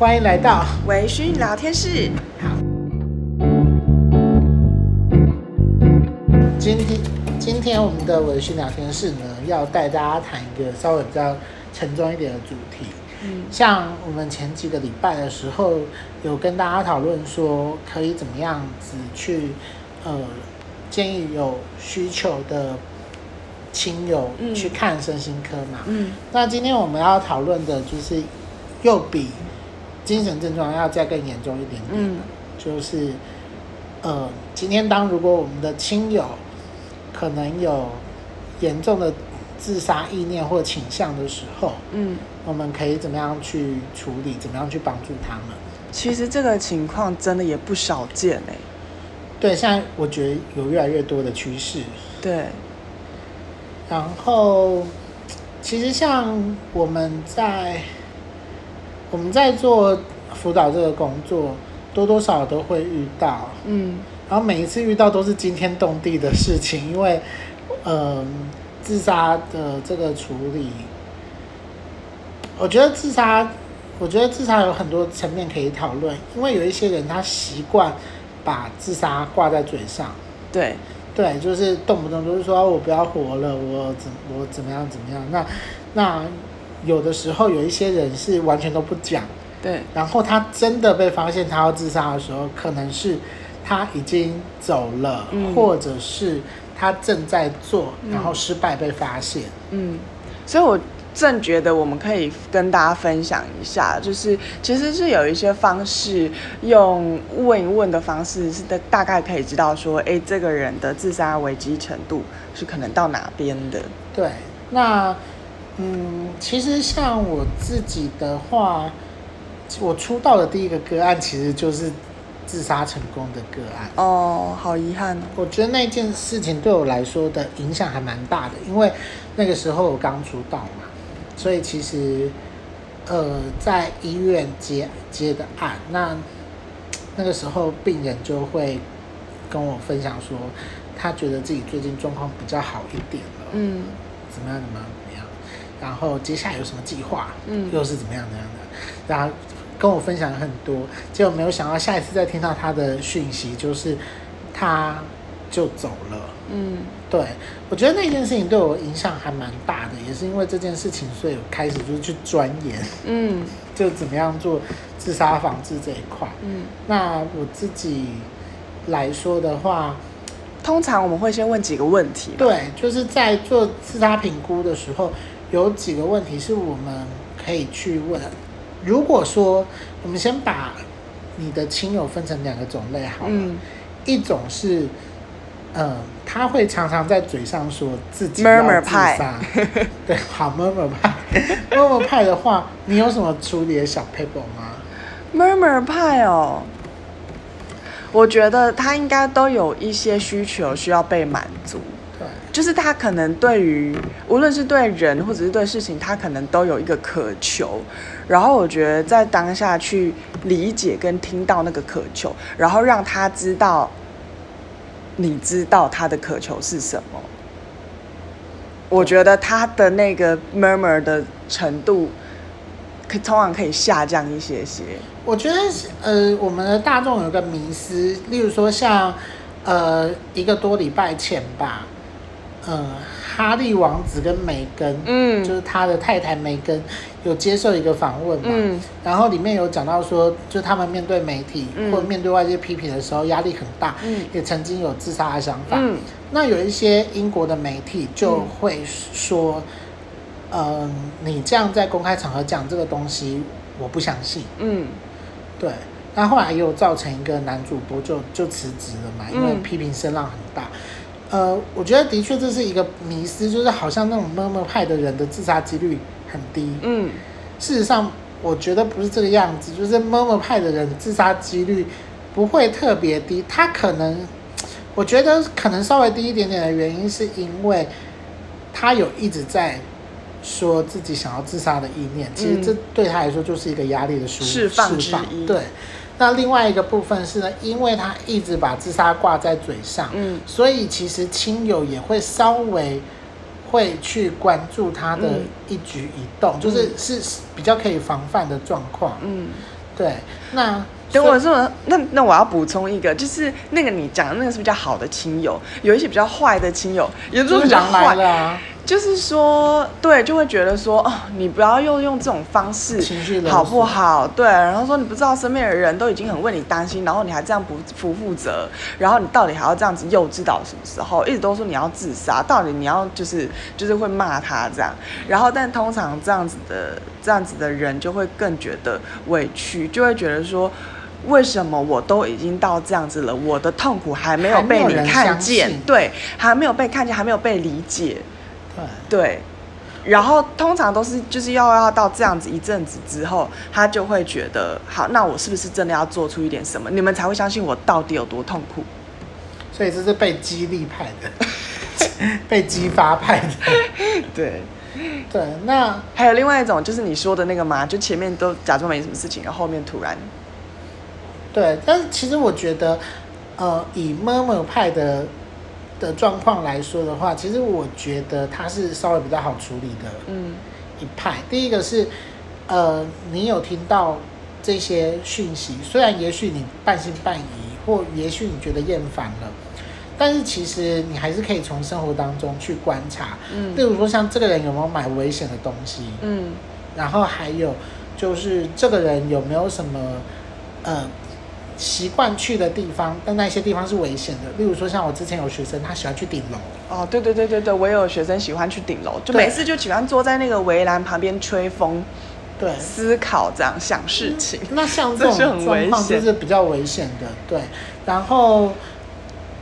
歡迎來到微醺療天室。好，今天，今天我們的微醺療天室呢，要帶大家談一個稍微比較沉重一點的主題。嗯，像我們前幾個禮拜的時候，有跟大家討論說，可以怎麼樣子去，呃，建議有需求的親友去看身心科嘛。嗯，嗯，那今天我們要討論的就是又比。精神症狀要再更嚴重一點點，嗯、就是，呃，今天當如果我們的親友可能有嚴重的自殺意念或傾向的時候，嗯，我們可以怎麼樣去處理？怎麼樣去幫助他們？其實這個情況真的也不少見哎、欸。對，現在我覺得有越來越多的趨勢。對。然後，其實像我們在。我們在做輔導這個工作，多多少少都會遇到，嗯，然後每一次遇到都是驚天動地的事情，因為，嗯、呃，自殺的這個處理，我覺得自殺，我覺得自殺有很多層面可以討論，因為有一些人他習慣把自殺掛在嘴上，對，對，就是動不動就是說我不要活了，我怎我怎麼樣怎麼樣，那那。有的時候有一些人是完全都不講，對。然後他真的被發現他要自殺的時候，可能是他已經走了，嗯、或者是他正在做，然後失敗被發現嗯。嗯，所以我正覺得我們可以跟大家分享一下，就是其實是有一些方式，用問一問的方式，是大大概可以知道說，哎、欸，這個人的自殺危機程度是可能到哪邊的。對，那。嗯，其實像我自己的話，我出道的第一個個案其實就是自殺成功的個案。哦，好遺憾哦。我覺得那件事情對我來說的影響還蠻大的，因為那個時候我剛出道嘛，所以其實呃，在醫院接接的案，那那個時候病人就會跟我分享說，他覺得自己最近狀況比較好一點了。嗯，怎麼樣？怎麼樣？然後接下來有什麼計劃？嗯，又是怎麼樣怎樣的？然後跟我分享了很多，結果沒有想到下一次再聽到他的訊息，就是他就走了。嗯，對，我覺得那件事情對我影響還蠻大的，也是因為這件事情，所以我開始就是去鑽研。嗯，就怎麼樣做自殺防治這一塊。嗯，那我自己來說的話，通常我們會先問幾個問題。對，就是在做自殺評估的時候。有幾個問題是我們可以去問。如果說我們先把你的親友分成兩個種類好了，好、嗯，一種是，嗯、呃，他會常常在嘴上說自己要自殺 對，好，Murmur 派，Murmur 派的話，你有什麼處理的小撇步嗎？Murmur 派哦，我覺得他應該都有一些需求需要被滿足。就是他可能對於無論是對人或者是對事情，他可能都有一個渴求。然後我覺得在當下去理解跟聽到那個渴求，然後讓他知道，你知道他的渴求是什麼。我覺得他的那個 murmur 的程度，可通常可以下降一些些。我覺得呃，我們的大眾有個迷思，例如說像呃一個多禮拜前吧。嗯，哈利王子跟梅根，嗯，就是他的太太梅根，有接受一個訪問嘛，嗯，然後裡面有講到說，就他們面對媒體、嗯、或面對外界批評的時候，壓力很大，嗯，也曾經有自殺的想法，嗯，那有一些英國的媒體就會說，嗯、呃，你這樣在公開場合講這個東西，我不相信，嗯，對，那後來又造成一個男主播就就辭職了嘛，因為批評聲浪很大。呃，我覺得的確這是一個迷思，就是好像那種 murmur 派的人的自殺幾率很低。嗯，事實上，我覺得不是這個樣子，就是 murmur 派的人自殺幾率不會特別低。他可能，我覺得可能稍微低一點點的原因，是因為他有一直在說自己想要自殺的意念，其實這對他來說就是一個壓力的、嗯、釋放之一釋放。對。那另外一個部分是呢，因為他一直把自殺掛在嘴上，嗯、所以其實親友也會稍微會去關注他的一舉一動，嗯、就是是比較可以防範的狀況，嗯，對。那等我說完，那那我要補充一個，就是那個你講的那個是比較好的親友，有一些比較壞的親友，也就是講壞的。就是說，對，就會覺得說，哦，你不要又用，用這種方式，情緒的，好不好？對，然後說你不知道身邊的人都已經很為你擔心，然後你還這樣不不負責，然後你到底還要這樣子幼稚到什麼時候？一直都說你要自殺，到底你要就是就是會罵他這樣，然後但通常這樣子的這樣子的人就會更覺得委屈，就會覺得說，為什麼我都已經到這樣子了，我的痛苦還沒有被你看見，對，還沒有被看見，還沒有被理解。對，然後通常都是就是要要到這樣子一陣子之後，他就會覺得好，那我是不是真的要做出一點什麼，你們才會相信我到底有多痛苦？所以這是被激勵派的， 被激發派的， 對對。那還有另外一種，就是你說的那個嘛，就前面都假裝沒什麼事情，然後後面突然。對，但是其實我覺得，呃，以 MOMO 派的。的狀況來說的話，其實我覺得他是稍微比較好處理的一派。嗯。第一個是，呃，你有聽到這些訊息，雖然也許你半信半疑，或也許你覺得厭煩了，但是其實你還是可以從生活當中去觀察。嗯，例如說像這個人有沒有買危險的東西，嗯，然後還有就是這個人有沒有什麼，呃。習慣去的地方，但那些地方是危險的。例如說，像我之前有學生，他喜歡去頂樓。哦，對對對對對，我也有學生喜歡去頂樓，對就每次就喜歡坐在那個圍欄旁邊吹風，對，思考這樣想事情，嗯。那像這種狀況就是比較危險的，對。然後，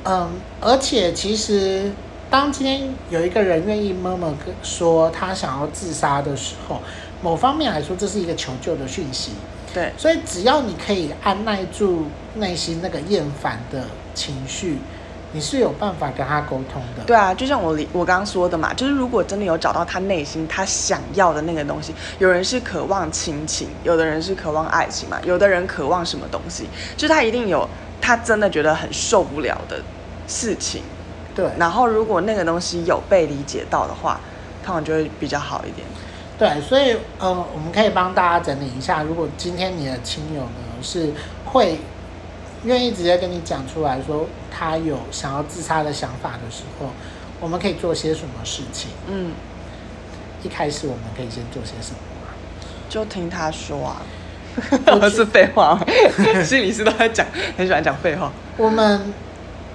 嗯，而且其實，當今天有一個人願意媽媽跟說他想要自殺的時候，某方面來說，這是一個求救的訊息。對，所以只要你可以按耐住內心那個厭煩的情緒，你是有辦法跟他溝通的。對啊，就像我理我剛剛說的嘛，就是如果真的有找到他內心他想要的那個東西，有人是渴望親情，有的人是渴望愛情嘛，有的人渴望什麼東西，就是他一定有他真的覺得很受不了的事情。對，然後如果那個東西有被理解到的話，他可能就會比較好一點。對，所以，嗯、呃，我們可以幫大家整理一下，如果今天你的親友呢，是會願意直接跟你講出來說他有想要自殺的想法的時候，我們可以做些什麼事情？嗯，一開始我們可以先做些什麼、啊？就聽他說啊，就 是廢話， 心理師都在講，很喜歡講廢話。我們。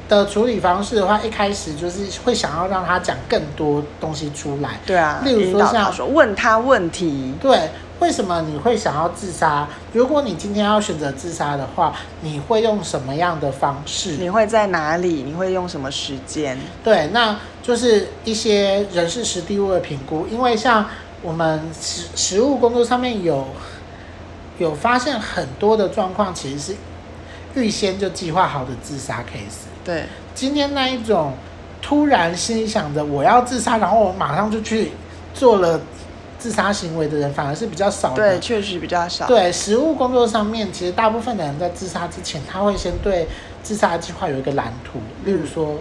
的處理方式的話，一開始就是會想要讓他講更多東西出來，對啊，例如說像他說問他問題，對，為什麼你會想要自殺？如果你今天要選擇自殺的話，你會用什麼樣的方式？你會在哪裡？你會用什麼時間？對，那就是一些人事實地物的評估，因為像我們實實務工作上面有有發現很多的狀況，其實是預先就計劃好的自殺 case。對，今天那一種突然心裡想着我要自殺，然後我馬上就去做了自殺行為的人，反而是比較少的。對，確實比較少。對，實務工作上面，其實大部分的人在自殺之前，他會先對自殺計劃有一個藍圖，例如說。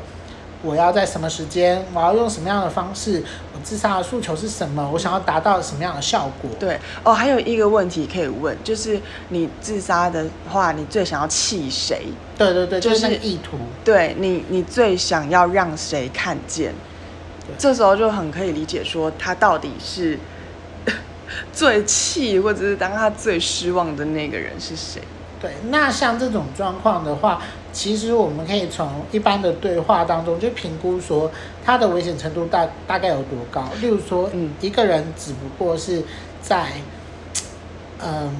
我要在什麼時間？我要用什麼樣的方式？我自殺的訴求是什麼？我想要達到什麼樣的效果？對哦，還有一個問題可以問，就是你自殺的話，你最想要氣誰？對對對，就是，就是那個意圖。對，你，你最想要讓誰看見？對這時候就很可以理解，說他到底是最氣，或者是當他最失望的那個人是誰？對，那像這種狀況的話。其實我們可以從一般的對話當中就評估說他的危險程度大大概有多高。例如說，嗯，一個人只不過是在，嗯，呃，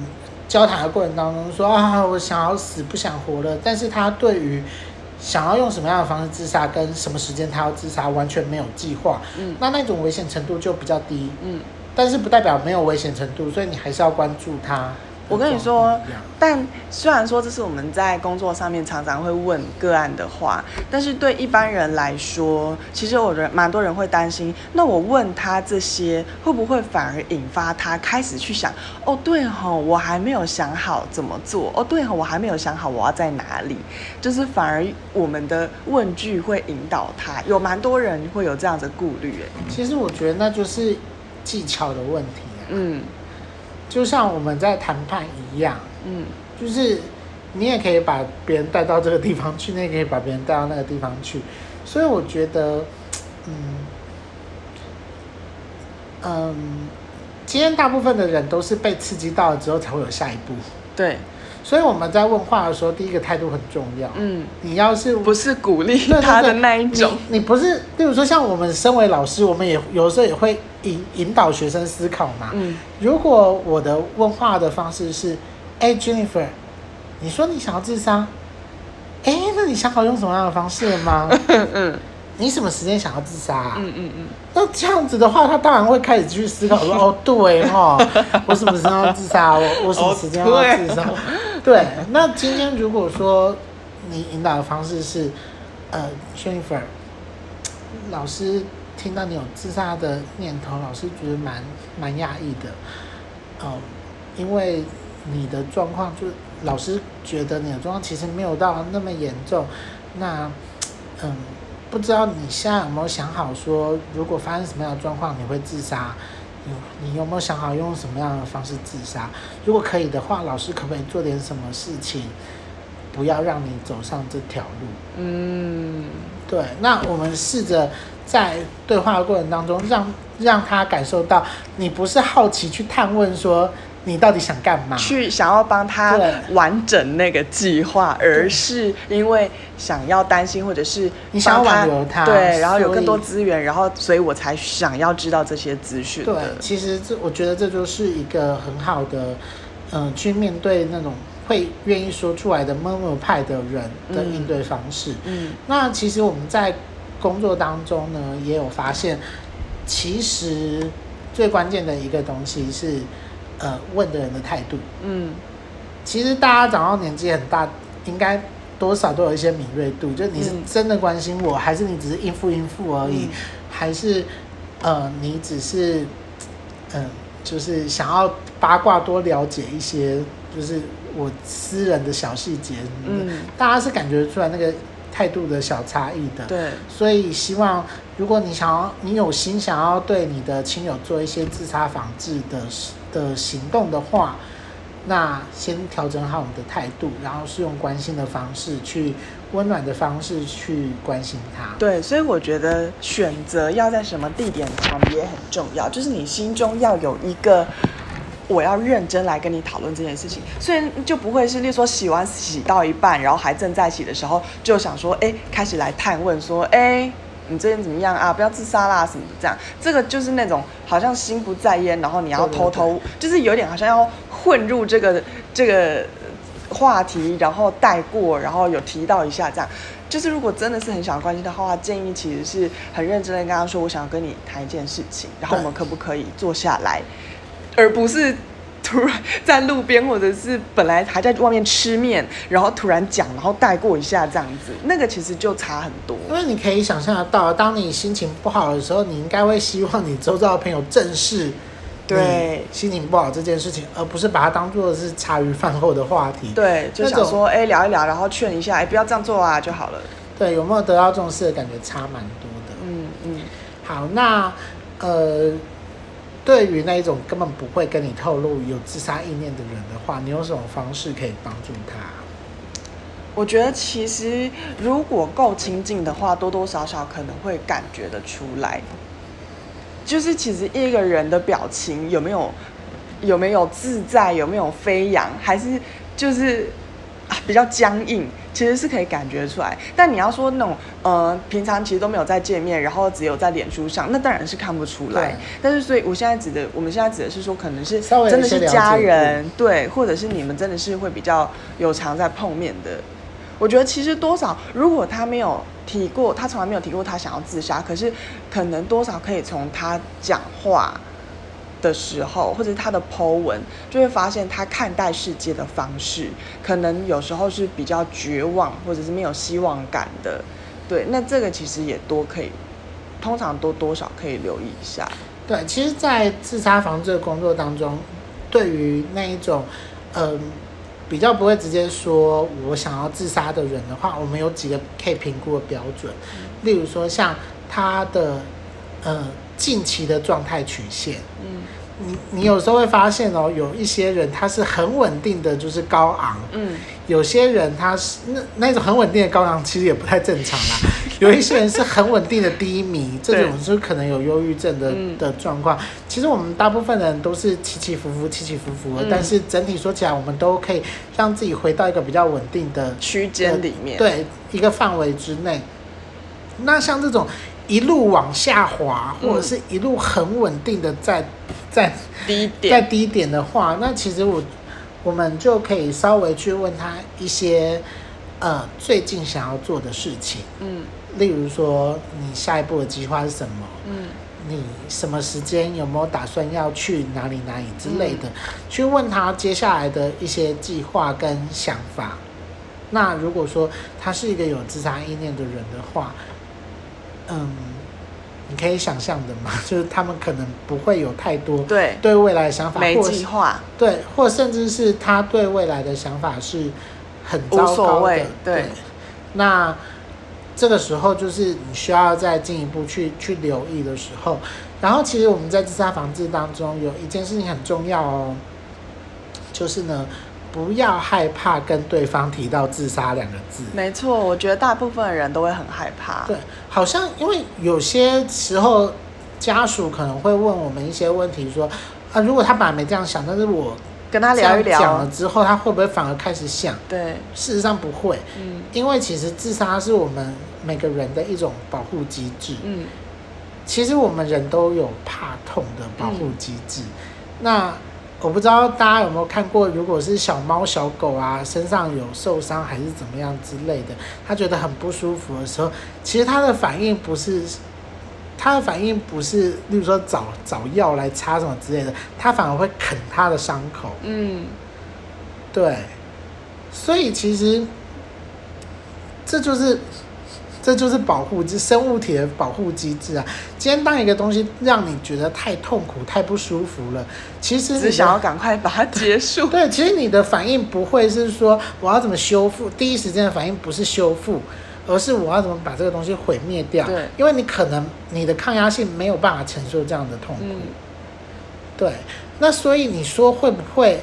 交談的過程當中說啊，哦，我想要死不想活了，但是他對於想要用什麼樣的方式自殺跟什麼時間他要自殺完全沒有計劃，嗯，那那種危險程度就比較低，嗯，但是不代表沒有危險程度，所以你還是要關注他。我跟你說，但雖然說，這是我們在工作上面常常會問個案的話，但是對一般人來說，其實有人蠻多人會擔心，那我問他這些會不會反而引發他開始去想？哦，對哈，我還沒有想好怎麼做。哦，對哈，我還沒有想好我要在哪裡。就是反而我們的問句會引導他，有蠻多人會有這樣的顧慮。誒，其實我覺得那就是技巧的問題啊。嗯。就像我們在談判一樣，嗯，就是你也可以把別人帶到這個地方去，你也可以把別人帶到那個地方去。所以我覺得，嗯，嗯，今天大部分的人都是被刺激到了之後才會有下一步。對。所以我們在問話的時候，第一個態度很重要。嗯，你要是不是鼓勵他的那一種，對不對？你，你不是，比如說像我們身為老師，我們也有時候也會引引導學生思考嘛。嗯，如果我的問話的方式是，哎，嗯，Jennifer，你說你想要自殺，哎，那你想好用什麼樣的方式了嗎？嗯嗯，你什麼時間想要自殺啊？嗯，嗯嗯嗯，那這樣子的話，他當然會開始去思考 說，哦，對，我什麼時候要自殺？我我什麼時間要自殺？ 對，那今天如果說你引導的方式是，呃，Jennifer 老師聽到你有自殺的念頭，老師覺得蠻蠻訝異的，哦、呃，因為你的狀況就老師覺得你的狀況其實沒有到那麼嚴重，那嗯、呃，不知道你現在有沒有想好說，如果發生什麼樣的狀況你會自殺？你有沒有想好用什麼樣的方式自殺？如果可以的話，老師可不可以做點什麼事情，不要讓你走上這條路？嗯，對，那我們試着在對話的過程當中讓，讓讓他感受到，你不是好奇去探問說。你到底想幹嘛？去想要幫他完整那個計劃，對而是因為想要擔心，或者是你想要挽留他，對，以然後有更多資源，然後所以我才想要知道這些資訊。對，其實這我覺得這就是一個很好的，嗯、呃，去面對那種會願意說出來的某某、um um、派的人的應對方式。嗯，嗯，那其實我們在工作當中呢，也有發現，其實最關鍵的一個東西是。呃，問的人的態度，嗯，其實大家長到年紀很大，應該多少都有一些敏銳度，就你是真的關心我，嗯、還是你只是應付應付而已，嗯、還是呃，你只是嗯、呃，就是想要八卦多了解一些，就是我私人的小細節，嗯、大家是感覺出來那個態度的小差異的，對、嗯，所以希望如果你想要，你有心想要對你的親友做一些自殺防治的。的行動的話，那先調整好你的態度，然後是用關心的方式去，去溫暖的方式去關心他。對，所以我覺得選擇要在什麼地點談也很重要，就是你心中要有一個我要認真來跟你討論這件事情，所以就不會是，例如說洗碗洗到一半，然後還正在洗的時候，就想說，哎，開始來探問說，哎。你最近怎麼樣啊？不要自殺啦，什麼的，這樣，這個就是那種好像心不在焉，然後你要偷偷，就是有點好像要混入這個這個話題，然後帶過，然後有提到一下，這樣，就是如果真的是很想關心他的話，建議其實是很認真的跟他說，我想要跟你談一件事情，然後我們可不可以坐下來，而不是。突然在路邊，或者是本來還在外面吃麵，然後突然講，然後帶過一下這樣子，那個其實就差很多。因為你可以想象得到，當你心情不好的時候，你應該會希望你周遭的朋友正視你心情不好這件事情，對，而不是把它當做是茶餘飯後的話題。對，就想說，哎種、欸，聊一聊，然後勸一下，哎、欸，不要這樣做啊就好了。對，有沒有得到重視的感覺差蠻多的。嗯嗯，嗯好，那呃。對於那一種根本不會跟你透露有自殺意念的人的話，你用什麼方式可以幫助他？我覺得其實如果夠親近的話，多多少少可能會感覺得出來。就是其實一個人的表情有沒有、有沒有自在，有沒有飛揚，還是就是啊比較僵硬。其實是可以感覺出來，但你要說那種呃、嗯，平常其實都沒有再見面，然後只有在臉書上，那當然是看不出來。對但是所以，我現在指的，我們現在指的是說，可能是真的是家人，對，或者是你們真的是會比較有常在碰面的。我覺得其實多少，如果他沒有提過，他從來沒有提過他想要自殺，可是可能多少可以從他講話的時候，或者他的 Po 文，就會發現他看待世界的方式，可能有時候是比較絕望，或者是沒有希望感的。對，那這個其實也多可以，通常都多少可以留意一下。對，其實，在自殺防治的工作當中，對於那一種，嗯、呃，比較不會直接說我想要自殺的人的話，我們有幾個可以評估的標準，例如說像他的，嗯、呃。近期的狀態曲線，嗯，你你有時候會發現哦，有一些人他是很穩定的，就是高昂，嗯，有些人他是那那種很穩定的高昂，其實也不太正常啦。 有一些人是很穩定的低迷，對這種就可能有憂鬱症的、嗯、的狀況。其實我們大部分人都是起起伏伏，起起伏伏，嗯、但是整體說起來，我們都可以讓自己回到一個比較穩定的區間裡面，嗯、對一個範圍之內。那像這種。一路往下滑，或者是一路很穩定的在、嗯、在低點，在低點的話，那其實我我們就可以稍微去問他一些呃最近想要做的事情，嗯，例如說你下一步的計劃是什麼，嗯，你什麼時間有沒有打算要去哪裡哪裡之類的，嗯、去問他接下來的一些計劃跟想法。那如果說他是一個有自殺意念的人的話，嗯，你可以想象的嘛，就是他們可能不會有太多對未來的想法，對或是沒計劃，對，或甚至是他對未來的想法是很糟糕的，無所謂，對。對，那這個時候就是你需要再進一步去去留意的時候。然後，其實我們在自殺防治當中有一件事情很重要哦，就是呢。不要害怕跟對方提到“自殺”兩個字。沒錯，我覺得大部分人都會很害怕。對，好像因為有些時候家屬可能會問我們一些問題，說：“啊，如果他本來沒這樣想，但是我跟他聊一聊了之後，他會不會反而開始想？”對，事實上不會。嗯，因為其實自殺是我們每個人的一種保護機制。嗯，其實我們人都有怕痛的保護機制。嗯、那我不知道大家有沒有看過，如果是小貓小狗啊，身上有受傷還是怎麼樣之類的，他覺得很不舒服的時候，其實他的反應不是，他的反應不是，例如說找找藥來擦什麼之類的，他反而會啃他的傷口。嗯，對，所以其實這就是。這就是保護，這生物體的保護機制啊。今天當一個東西讓你覺得太痛苦，太不舒服了，其實你想，只想要趕快把它結束。 對，其實你的反應不會是說我要怎麼修復，第一時間的反應不是修復，而是我要怎麼把這個東西毀滅掉。對，因為你可能你的抗壓性沒有辦法承受這樣的痛苦。嗯，對，那所以你說會不會？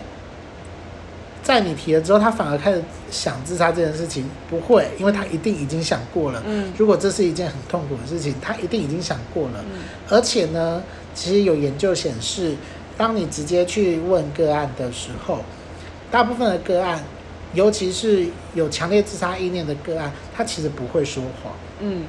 在你提了之後，他反而開始想自殺這件事情？不會，因為他一定已經想過了。嗯，如果這是一件很痛苦的事情，他一定已經想過了。嗯，而且呢，其實有研究顯示，當你直接去問個案的時候，大部分的個案，尤其是有強烈自殺意念的個案，他其實不會說謊。嗯，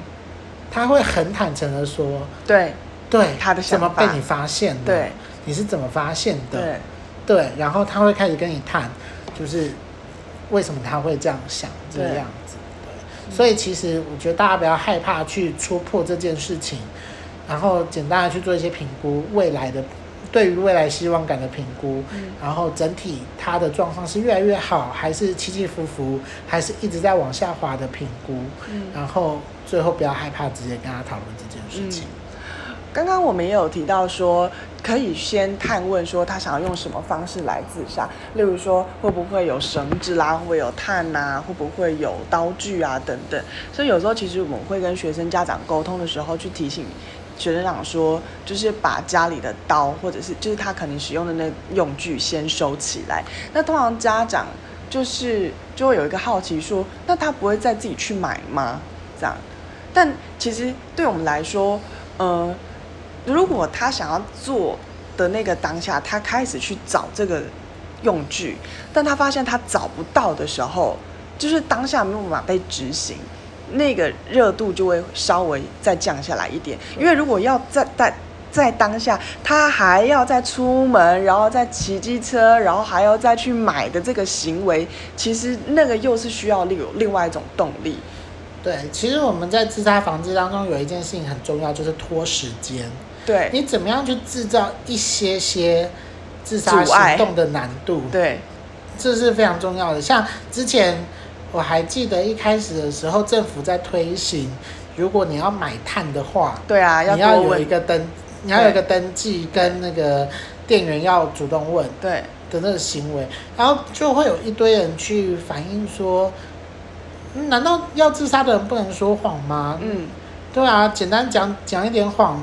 他會很坦誠的說。對，對他的想法。怎麼被你發現的？對，你是怎麼發現的？對，對，然後他會開始跟你談。就是為什麼他會這樣想這樣子對對，所以其實我覺得大家不要害怕去戳破這件事情，然後簡單的去做一些評估，未來的對於未來希望感的評估，嗯、然後整體他的狀況是越來越好，還是起起伏伏，還是一直在往下滑的評估，嗯、然後最後不要害怕直接跟他討論這件事情。剛剛、嗯、我們也有提到說。可以先探問說他想要用什麼方式來自殺，例如說會不會有繩子啦、啊，會不會有炭吶、啊，會不會有刀具啊等等。所以有時候其實我們會跟學生家長溝通的時候，去提醒學生長說，就是把家裡的刀或者是就是他可能使用的那用具先收起來。那通常家長就是就會有一個好奇說，那他不會再自己去買嗎？這樣。但其實對我們來說，嗯、呃。如果他想要做的那個當下，他開始去找這個用具，但他發現他找不到的時候，就是當下沒有辦法被執行，那個熱度就會稍微再降下來一點。因為如果要在在在當下，他還要再出門，然後再騎機車，然後還要再去買的這個行為，其實那個又是需要另另外一種動力。對，其實我們在自殺防治當中有一件事情很重要，就是拖時間。對，你怎麼樣去製造一些些自殺行動的難度？對，這是非常重要的。像之前我還記得一開始的時候，政府在推行，如果你要買炭的話，對啊，你要有一個登，要你要有一個登記，跟那個店員要主動問，對的那個行為，然後就會有一堆人去反映說，嗯，難道要自殺的人不能說謊嗎？嗯，對啊，簡單講講一點謊。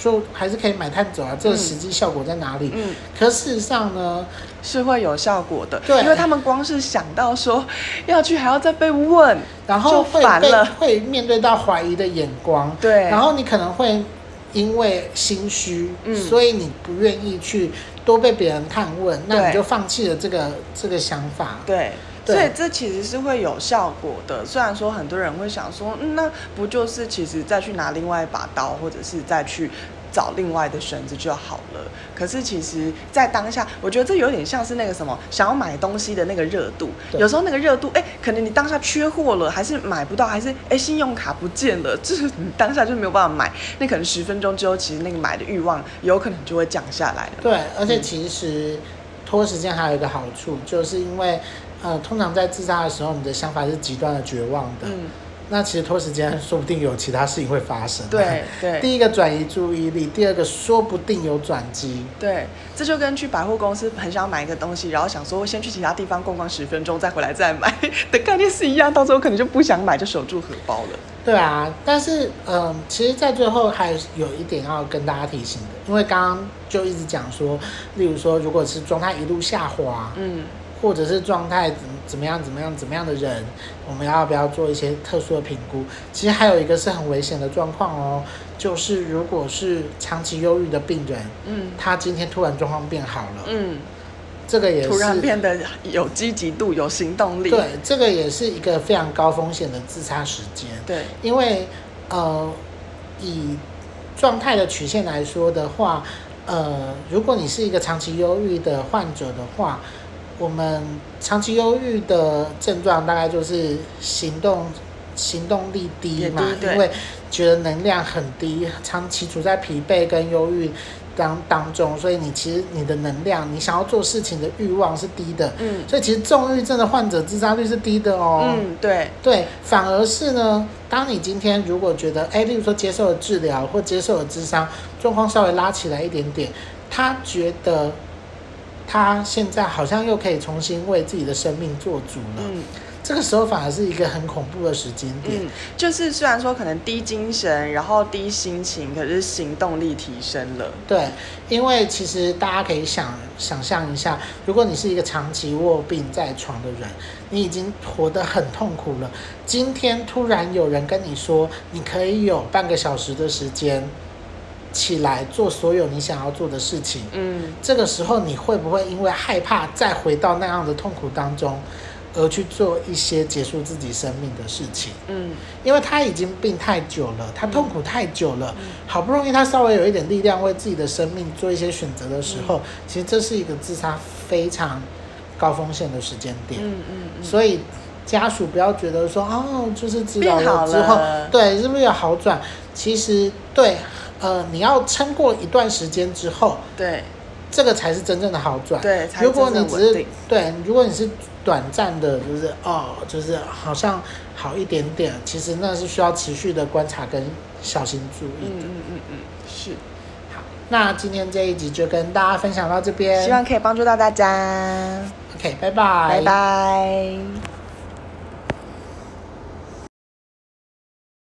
說還是可以買炭走啊，這個實際效果在哪裡？嗯，嗯可事實上呢，是會有效果的。對，因為他們光是想到說要去，還要再被問，然後會被就會面對到懷疑的眼光。對，然後你可能會因為心虛，嗯，所以你不願意去多被別人探問，對那你就放棄了這個這個想法。對。對所以這其實是會有效果的。雖然說很多人會想說、嗯，那不就是其實再去拿另外一把刀，或者是再去找另外的繩子就好了？可是其實，在當下，我覺得這有點像是那個什麼，想要買東西的那個熱度。對有時候那個熱度，哎、欸，可能你當下缺貨了，還是買不到，還是哎、欸、信用卡不見了，這、就是、當下就沒有辦法買。那可能十分鐘之後，其實那個買的慾望有可能就會降下來了。對，而且其實、嗯、拖時間還有一個好處，就是因為。呃，通常在自殺的時候，你的想法是極端的絕望的。嗯，那其實拖時間，說不定有其他事情會發生。對對，對第一個轉移注意力，第二個說不定有轉機。對，這就跟去百貨公司很想買一個東西，然後想說先去其他地方逛逛十分鐘再回來再買的概念是一樣，到時候可能就不想買，就守住荷包了。對啊，但是嗯、呃，其實，在最後還有一點要跟大家提醒的，因為剛剛就一直講說，例如說，如果是狀態一路下滑，嗯。或者是狀態怎怎麼樣怎麼樣怎麼樣的人，我們要不要做一些特殊的評估？其實還有一個是很危險的狀況哦，就是如果是長期憂鬱的病人，嗯，他今天突然狀況變好了，嗯，這個也是突然變得有積極度、有行動力，對，這個也是一個非常高風險的自殺時間，對，因為，呃，以狀態的曲線來說的話，呃，如果你是一個長期憂鬱的患者的話。我們長期憂鬱的症狀大概就是行動行動力低嘛，對對，因為覺得能量很低，長期處在疲憊跟憂鬱當當中，所以你其實你的能量，你想要做事情的欲望是低的，嗯，所以其實重鬱症的患者自殺率是低的哦，嗯，對對，反而是呢，當你今天如果覺得，哎，例如說接受了治療或接受了諮商，狀況稍微拉起來一點點，他覺得。他現在好像又可以重新為自己的生命做主了。嗯，這個時候反而是一個很恐怖的時間點。嗯，就是雖然說可能低精神，然後低心情，可是行動力提升了。對，因為其實大家可以想想象一下，如果你是一個長期臥病在床的人，你已經活得很痛苦了。今天突然有人跟你說，你可以有半個小時的時間。起來做所有你想要做的事情，嗯，這個時候你會不會因為害怕再回到那樣的痛苦當中，而去做一些結束自己生命的事情？嗯，因為他已經病太久了，他痛苦太久了，嗯，好不容易他稍微有一點力量為自己的生命做一些選擇的時候，嗯，其實這是一個自殺非常高風險的時間點。嗯，嗯，嗯。所以家屬不要覺得說哦，就是治療了之後，對，是不是有好轉？其實對。呃，你要撐過一段時間之後，對，這個才是真正的好轉。對，如果你只是，對，如果你是短暫的，就是哦，就是好像好一點點，其實那是需要持續的觀察跟小心注意的。嗯嗯嗯嗯，是。好，那今天這一集就跟大家分享到這邊，希望可以幫助到大家。OK，拜拜，拜拜。